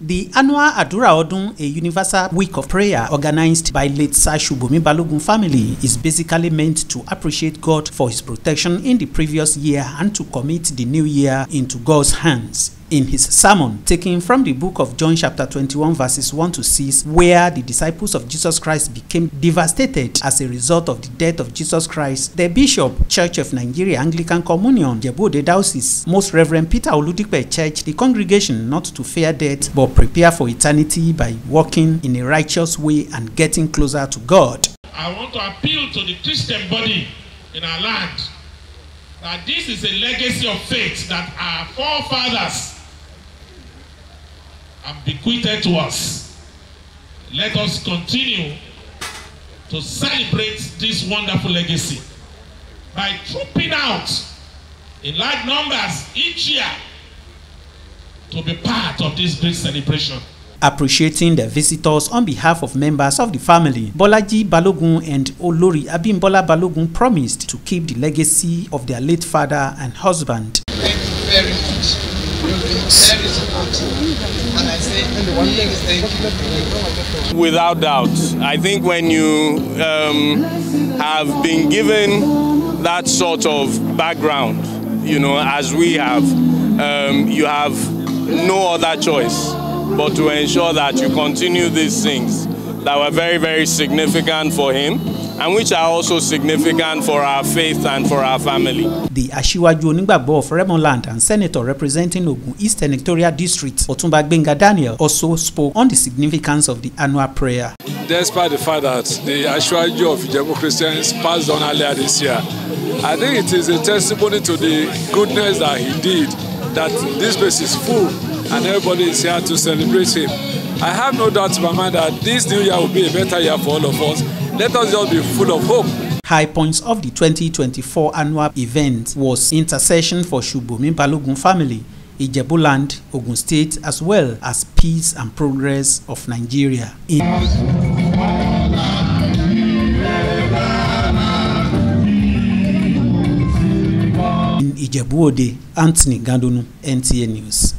The annual Adura Odun, a universal week of prayer organized by late Sashu Bumi Balogun family, is basically meant to appreciate God for his protection in the previous year and to commit the new year into God's hands. in his sermon, taken from the book of John, chapter 21, verses 1 to 6, where the disciples of Jesus Christ became devastated as a result of the death of Jesus Christ, the Bishop, Church of Nigeria Anglican Communion, Jebode Diocese, Most Reverend Peter Oludikpe Church, the congregation not to fear death but prepare for eternity by walking in a righteous way and getting closer to God. I want to appeal to the Christian body in our land that this is a legacy of faith that our forefathers and bequeathed to us. Let us continue to celebrate this wonderful legacy by trooping out in large numbers each year to be part of this great celebration. Appreciating the visitors on behalf of members of the family, Bolaji Balogun and Olori Abimbola Balogun promised to keep the legacy of their late father and husband. Thank you very much. You've been very supportive. Without doubt. I think when you um, have been given that sort of background, you know, as we have, um, you have no other choice but to ensure that you continue these things that were very, very significant for him. and which are also significant for our faith and for our family. The Aṣíwájú Onígbàgbọ́ of Remoland and Senator representing Ogun East Senatorial District, Otunba Gbenga Daniel, also spoke on the significance of the annual prayer. Despite the fact that the Aṣíwájú of Ijebu Christians passed on earlier this year, I think it is a testimony to the goodness that he did, that this place is full and everybody is here to celebrate him. I have no doubt in my mind that this new year will be a better year for all of us Let us just be full of hope. High points of the 2024 annual event was intercession for Shubomi Balogun family, Ijebuland, Ogun State, as well as peace and progress of Nigeria. In Ìjẹ̀bú Òde Anthony Gandonu NTA News.